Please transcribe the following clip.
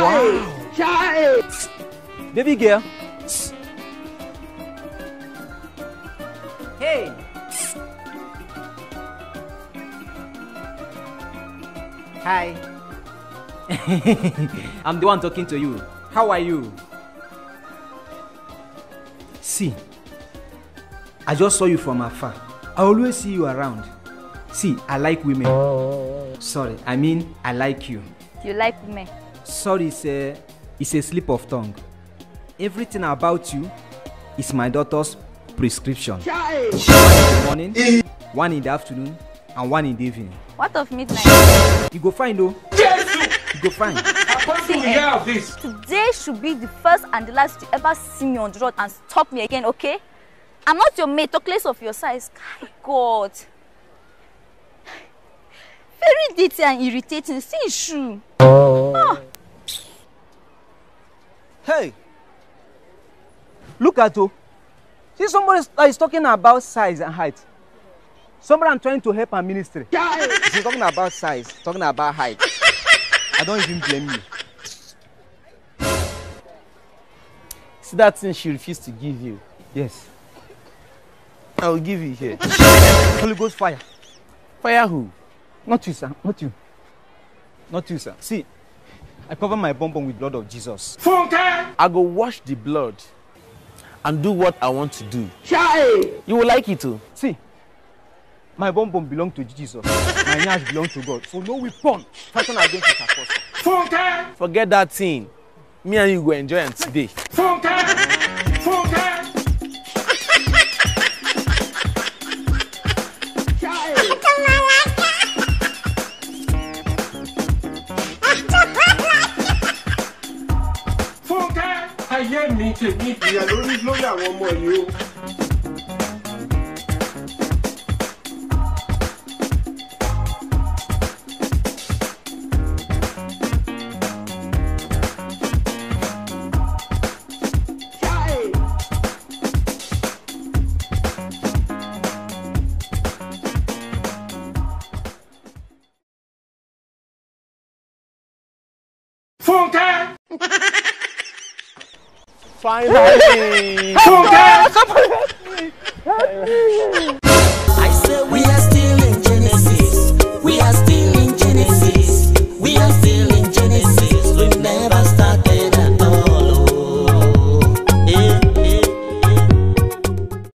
Wow. Child. Baby girl. Hey. Hi. I'm the one talking to you. How are you? See, I just saw you from afar. I always see you around. See, I like women. Oh. Sorry, I mean, I like you. You like women? Sorry is a, is a slip of tongue. Everything about you is my daughter's prescription. morning, one in the afternoon, and one in the evening. What of midnight? You go find though. Yes! You go find. this. Today should be the first and the last you ever see me on the road and stop me again, okay? I'm not your mate, Tokles of your size. God. Very dirty and irritating. See, you. Oh. Look at oh. See somebody that is talking about size and height. Somebody I'm trying to help her ministry. She's talking about size, talking about height. I don't even blame you. See that thing she refused to give you? Yes. I will give you here. Holy Ghost fire. Fire who? Not you, sir. Not you. Not you, sir. See, I cover my bum bum with blood of Jesus. Funke! I go wash the blood and do what I want to do. Chai! You will like it too. See, my bum bum belong to Jesus. my nyash belong to God. So no weapon fashion against his apostle. Forget that thing. Me and you go enjoy am today. mi ṣe ní ìfìyà lórí lórí àwọn ọmọ yìí o. Fúnkẹ́. I said we